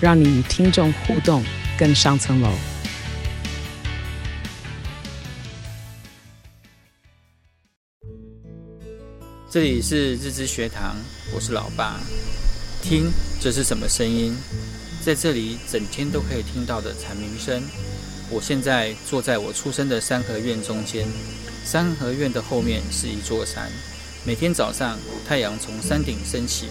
讓你與聽眾互動更上層樓。這裡是日之學堂，我是老爸。聽，這是什麼聲音？在這裡，整天都可以聽到的蟬鳴聲。我現在坐在我出生的三合院中間。三合院的後面是一座山。每天早上，太陽從山頂升起。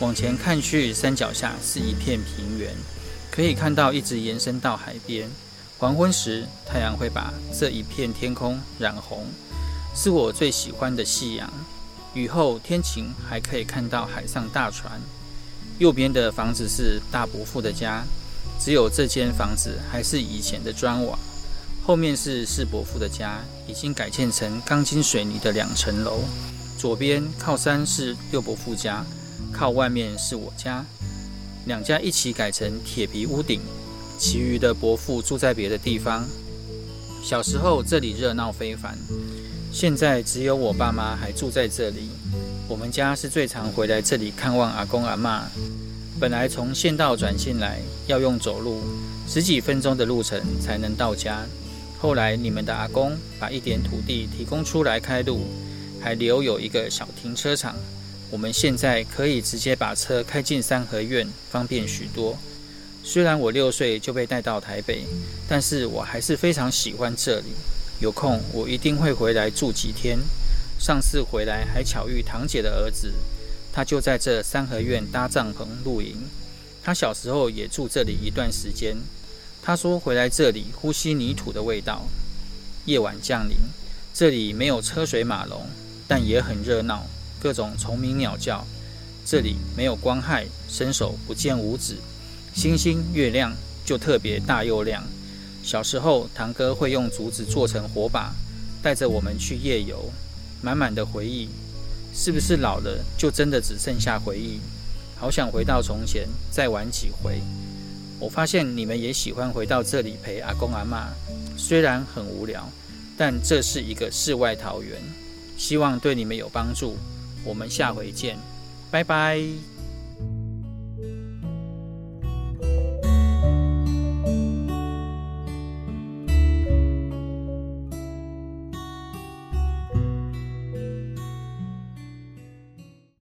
往前看去，山腳下是一片平原，可以看到一直延伸到海邊。黃昏時，太陽會把這一片天空染紅，是我最喜歡的夕陽。雨後天晴，還可以看到海上大船。右邊的房子是大伯父的家，只有這間房子還是以前的磚瓦。後面是四伯父的家，已經改建成鋼筋水泥的兩層樓。左邊靠山是六伯父家。靠外面是我家，兩家一起改成鐵皮屋頂，其餘的伯父住在別的地方。小時候這裡熱鬧非凡，現在只有我爸媽還住在這裡。我們家是最常回來這裡看望阿公阿嬤。本來從縣道轉進來要用走路，十幾分鐘的路程才能到家。後來你們的阿公把一點土地提供出來開路，還留有一個小停車場。我們現在可以直接把車開進三合院，方便許多。雖然我六歲就被帶到台北，但是我還是非常喜歡這裡。有空我一定會回來住幾天。上次回來還巧遇堂姐的兒子，他就在這三合院搭帳篷露營。他小時候也住這裡一段時間，他說回來這裡呼吸泥土的味道。夜晚降臨，這裡沒有車水馬龍，但也很熱鬧。各種蟲鳴鳥叫，這裡沒有光害，伸手不見五指，星星月亮就特別大又亮。小時候，堂哥會用竹子做成火把，帶着我們去夜遊，滿滿的回憶。是不是老了就真的只剩下回憶？好想回到從前，再玩幾回。我發現你們也喜歡回到這裡陪阿公阿嬤，雖然很無聊，但這是一個世外桃源。希望對你們有幫助。我們下回見，拜拜。